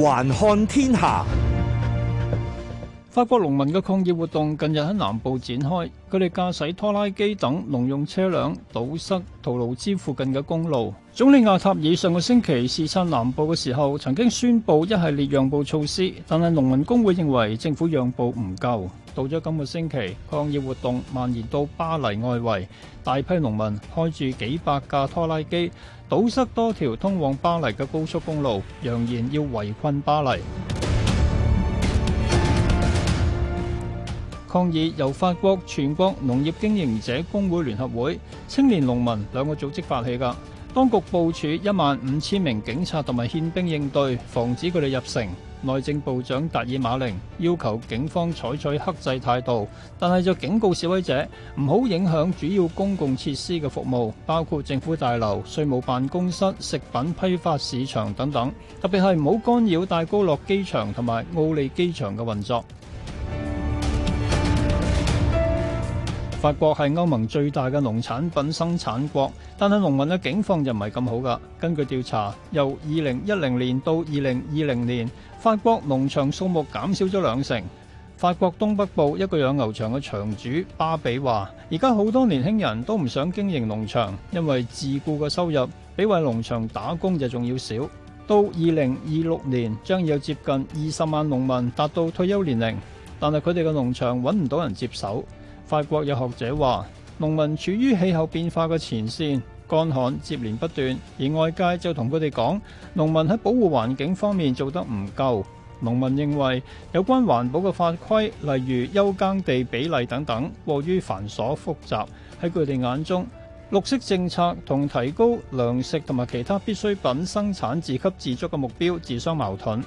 環看天下。法國農民嘅抗議活動近日喺南部展開，佢哋駕駛拖拉機等農用車輛堵塞圖盧茲附近嘅公路。總理亞塔爾上個星期視察南部嘅時候，曾經宣布一系列讓步措施，但係農民工會認為政府讓步唔夠。到咗今個星期，抗議活動蔓延到巴黎外圍，大批農民開住幾百架拖拉機堵塞多條通往巴黎嘅高速公路，揚言要圍困巴黎。抗議由法國全國農業經營者工會聯合會、青年農民兩個組織發起噶當局部署一萬五千名警察同埋憲兵應對，防止佢哋入城。內政部長達爾馬寧要求警方採取克制態度，但係就警告示威者唔好影響主要公共設施嘅服務，包括政府大樓、稅務辦公室、食品批發市場等等，特別係唔好干擾戴高樂機場同埋奧利機場嘅運作。法國係歐盟最大嘅農產品生產國，但係農民嘅境況就唔係咁好噶。根據調查，由二零一零年到二零二零年，法國農場數目減少咗兩成。法國東北部一個養牛場嘅場主巴比話，而家好多年輕人都唔想經營農場，因為自僱嘅收入比為農場打工就仲要少。到二零二六年，將有接近二十萬農民達到退休年齡，但係佢哋嘅農場揾唔到人接手。法國有學者話：農民處於氣候變化嘅前線，乾旱接連不斷，而外界就同佢哋講，農民喺保護環境方面做得唔夠。農民認為有關環保嘅法規，例如休耕地比例等等，過於繁瑣複雜。喺佢哋眼中，綠色政策同提高糧食同埋其他必需品生產自給自足嘅目標自相矛盾。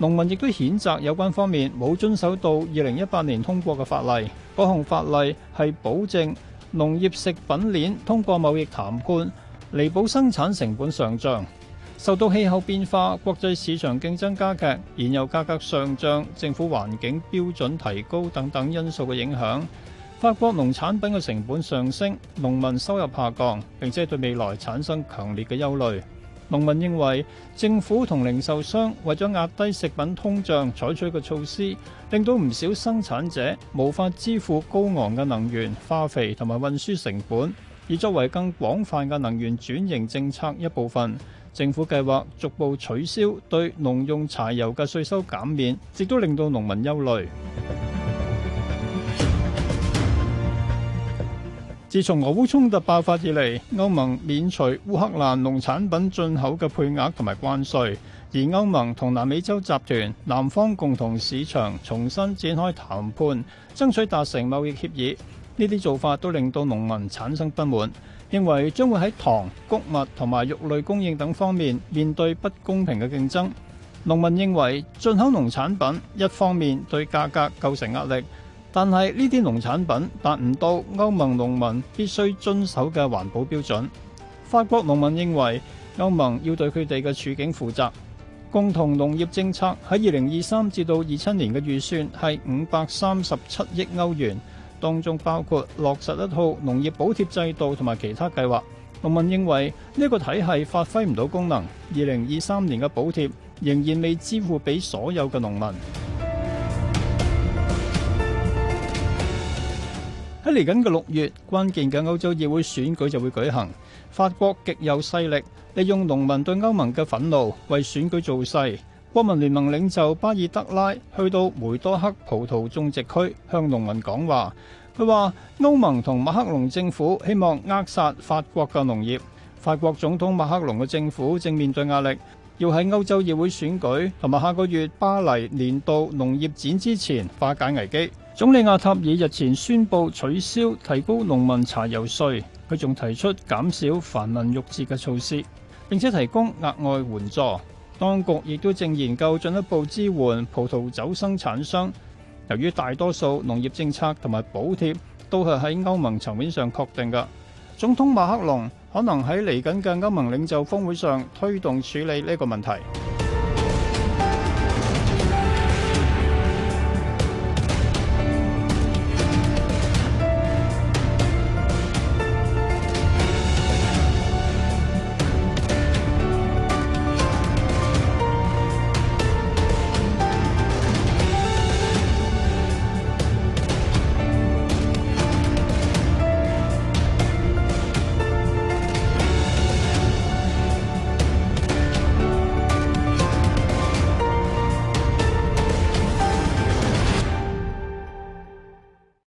農民亦都譴責有關方面冇遵守到2018年通過嘅法例。嗰項法例係保證農業食品鏈通過貿易談判，彌補生產成本上漲。受到氣候變化、國際市場競爭加劇、燃油價格上漲、政府環境標準提高等等因素嘅影響，法國農產品嘅成本上升，農民收入下降，並且對未來產生強烈嘅憂慮。農民認為政府同零售商為咗壓低食品通脹採取嘅措施，令到唔少生產者無法支付高昂嘅能源、化肥同埋運輸成本。而作為更廣泛嘅能源轉型政策一部分，政府計劃逐步取消對農用柴油嘅稅收減免，亦都令到農民憂慮。自從俄烏衝突爆發以嚟，歐盟免除烏克蘭農產品進口嘅配額同埋關稅，而歐盟同南美洲集團南方共同市場重新展開談判，爭取達成貿易協議。呢啲做法都令到農民產生不滿，認為將會喺糖、穀物同埋肉類供應等方面面對不公平嘅競爭。農民認為進口農產品一方面對價格構成壓力。但係呢啲農產品達唔到歐盟農民必須遵守嘅環保標準，法國農民認為歐盟要對佢哋嘅處境負責，共同農業政策喺二零二三至到二七年嘅預算係五百三十七億歐元，當中包括落實一套農業補貼制度同埋其他計劃，農民認為呢個體系發揮唔到功能。二零二三年嘅補貼仍然未支付俾所有嘅農民。喺嚟緊嘅六月，關鍵嘅歐洲議會選舉就會舉行。法國極右勢力，利用農民對歐盟嘅憤怒，為選舉造勢。國民聯盟領袖巴爾德拉去到梅多克葡萄種植區，向農民講話。佢話：歐盟同馬克龍政府希望扼殺法國嘅農業。法國總統馬克龍嘅政府正面對壓力，要喺歐洲議會選舉同埋下個月巴黎年度農業展之前化解危機。總理阿塔爾日前宣布取消提高農民柴油稅，佢仲提出減少繁文縟節嘅措施，並且提供額外援助。當局亦都正研究進一步支援葡萄酒生產商。由於大多數農業政策同埋補貼都係喺歐盟層面上確定嘅，總統馬克龍可能喺嚟緊嘅歐盟領袖峰會上推動處理呢個問題。